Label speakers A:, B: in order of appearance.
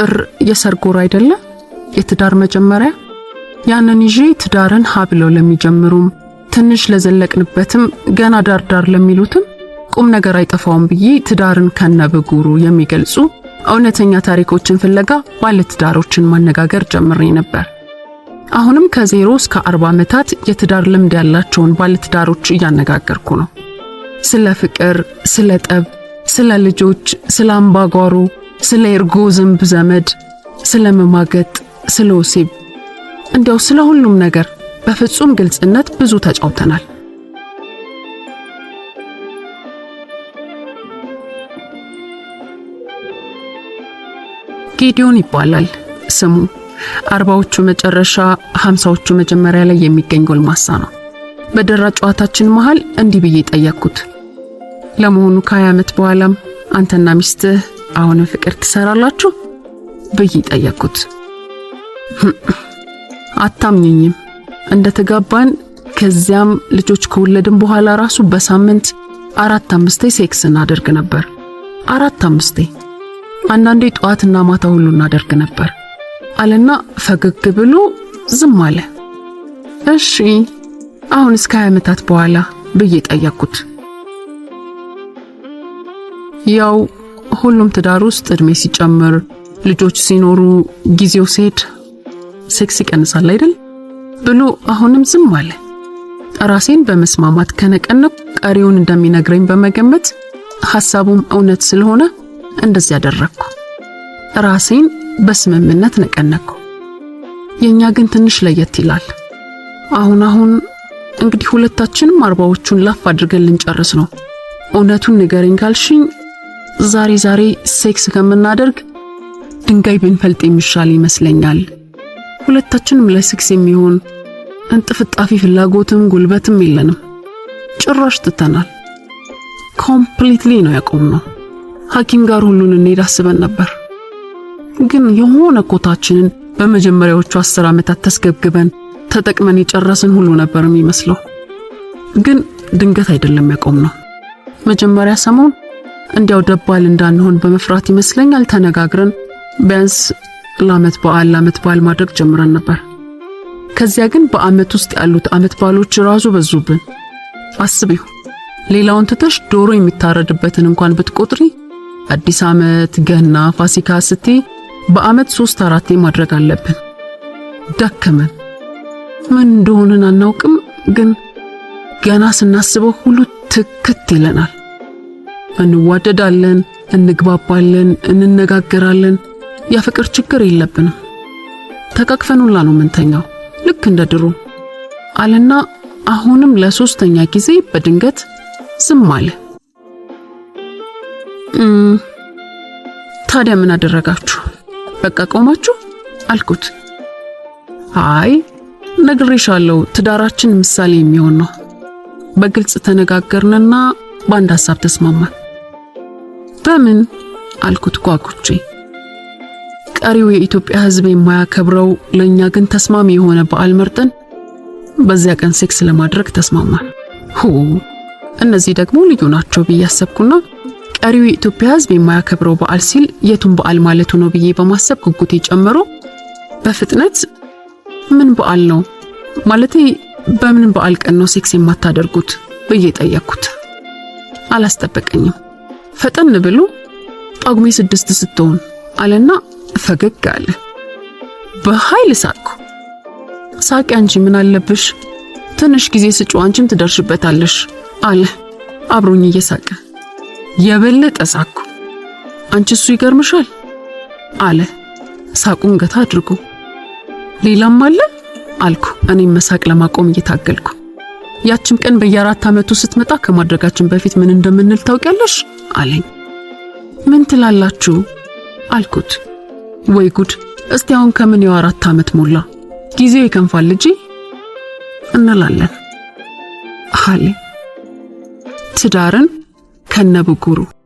A: ጥር የሰርግ ወር አይደለ? የትዳር መጀመሪያ። ያንን ይዤ ትዳርን ሀ ብለው ለሚጀምሩም ትንሽ ለዘለቅንበትም ገና ዳርዳር ለሚሉትም ቁም ነገር አይጠፋውም ብዬ ትዳርን ከነብጉሩ የሚገልጹ እውነተኛ ታሪኮችን ፍለጋ ባለትዳሮችን ማነጋገር ጀምሬ ነበር። አሁንም ከዜሮ እስከ አርባ ዓመታት የትዳር ልምድ ያላቸውን ባለትዳሮች እያነጋገርኩ ነው። ስለ ፍቅር፣ ስለ ጠብ፣ ስለ ልጆች፣ ስለ አምባጓሮ ስለ እርጎ ዝንብ ዘመድ፣ ስለ መማገጥ፣ ስለ ወሲብ፣ እንዲያው ስለ ሁሉም ነገር በፍጹም ግልጽነት ብዙ ተጫውተናል። ጌዲዮን ይባላል ስሙ። አርባዎቹ መጨረሻ ሃምሳዎቹ መጀመሪያ ላይ የሚገኝ ጎልማሳ ነው። በደራ ጨዋታችን መሃል እንዲህ ብዬ ጠየቅኩት፣ ለመሆኑ ከሀያ ዓመት በኋላም አንተና ሚስትህ አሁንም ፍቅር ትሰራላችሁ ብዬ ጠየቅኩት። አታምኘኝም እንደተጋባን ከዚያም ልጆች ከወለድን በኋላ ራሱ በሳምንት አራት አምስቴ ሴክስ እናደርግ ነበር። አራት አምስቴ አንዳንዴ ጠዋትና ማታ ሁሉ እናደርግ ነበር አለና ፈገግ ብሎ ዝም አለ። እሺ አሁን እስከ ሃያ ዓመታት በኋላ ብዬ ጠየቅኩት። ያው ሁሉም ትዳር ውስጥ እድሜ ሲጨምር ልጆች ሲኖሩ ጊዜው ሲሄድ ሴክስ ይቀንሳል አይደል ብሎ አሁንም ዝም አለ። ራሴን በመስማማት ከነቀነቅ ቀሪውን እንደሚነግረኝ በመገመት ሐሳቡም እውነት ስለሆነ እንደዚህ ያደረግኩ። ራሴን በስምምነት ነቀነቅኩ። የእኛ ግን ትንሽ ለየት ይላል። አሁን አሁን እንግዲህ ሁለታችንም አርባዎቹን ላፍ አድርገን ልንጨርስ ነው። እውነቱን ንገረኝ ካልሽኝ ዛሬ ዛሬ ሴክስ ከምናደርግ ድንጋይ ብንፈልጥ የሚሻል ይመስለኛል። ሁለታችንም ለሴክስ የሚሆን እንጥፍጣፊ ፍላጎትም ጉልበትም የለንም። ጭራሽ ትተናል። ኮምፕሊትሊ ነው ያቆምነው። ሐኪም ጋር ሁሉን እንሄድ አስበን ነበር፣ ግን የሆነ ኮታችንን በመጀመሪያዎቹ አስር ዓመታት ተስገብግበን ተጠቅመን የጨረስን ሁሉ ነበር የሚመስለው። ግን ድንገት አይደለም ያቆምነው መጀመሪያ ሰሞን እንዲያው ደባል እንዳንሆን በመፍራት ይመስለኛል ተነጋግረን ቢያንስ ለአመት በዓል ለአመት በዓል ማድረግ ጀምረን ነበር። ከዚያ ግን በአመት ውስጥ ያሉት አመት በዓሎች ራሱ በዙብን። አስቢው ሌላውን ትተሽ ዶሮ የሚታረድበትን እንኳን ብትቆጥሪ አዲስ አመት፣ ገና፣ ፋሲካ ስቲ በአመት ሶስት አራቴ ማድረግ አለብን። ደከመን። ምን እንደሆንን አናውቅም፣ ግን ገና ስናስበው ሁሉ ትክት ይለናል። እንዋደዳለን፣ እንግባባለን፣ እንነጋገራለን። የፍቅር ችግር የለብንም። ተቃቅፈን ሁላ ነው ምንተኛው፣ ልክ እንደ ድሮ አለና አሁንም ለሶስተኛ ጊዜ በድንገት ዝም አለ። ታዲያ ምን አደረጋችሁ? በቃ ቆማችሁ አልኩት። አይ ነግሬሻለሁ፣ ትዳራችን ምሳሌ የሚሆን ነው። በግልጽ ተነጋገርንና በአንድ ሀሳብ ተስማማን። በምን አልኩት ጓጉቼ። ቀሪው የኢትዮጵያ ሕዝብ የማያከብረው ለኛ ግን ተስማሚ የሆነ በዓል መርጠን በዚያ ቀን ሴክስ ለማድረግ ተስማማ። ሁ? እነዚህ ደግሞ ልዩ ናቸው ብዬ አሰብኩና ቀሪው የኢትዮጵያ ሕዝብ የማያከብረው በዓል ሲል የቱን በዓል ማለቱ ነው ብዬ በማሰብ ጉጉቴ ጨምሮ በፍጥነት ምን በዓል ነው ማለቴ በምን በዓል ቀን ነው ሴክስ የማታደርጉት ብዬ ጠየቅኩት። አላስጠበቀኝም። ፈጠን ብሎ ጳጉሜ ስድስት ስትሆን አለና ፈገግ አለ። በኃይል ሳቅኩ። ሳቂ አንቺ ምን አለብሽ? ትንሽ ጊዜ ስጩ፣ አንቺም ትደርሽበታለሽ አለ አብሮኝ እየሳቀ። የበለጠ ሳቅኩ። አንቺ እሱ ይገርምሻል አለ ሳቁን ገታ አድርጎ። ሌላም አለ አልኩ እኔም መሳቅ ለማቆም እየታገልኩ ያችን ቀን በየአራት ዓመቱ ስትመጣ ከማድረጋችን በፊት ምን እንደምንል ታውቂያለሽ? አለኝ። ምን ትላላችሁ? አልኩት። ወይ ጉድ! እስቲ አሁን ከምን ያው አራት ዓመት ሞላ፣ ጊዜው ይከንፋል እጂ እንላለን አለ። ትዳርን ከነብጉሩ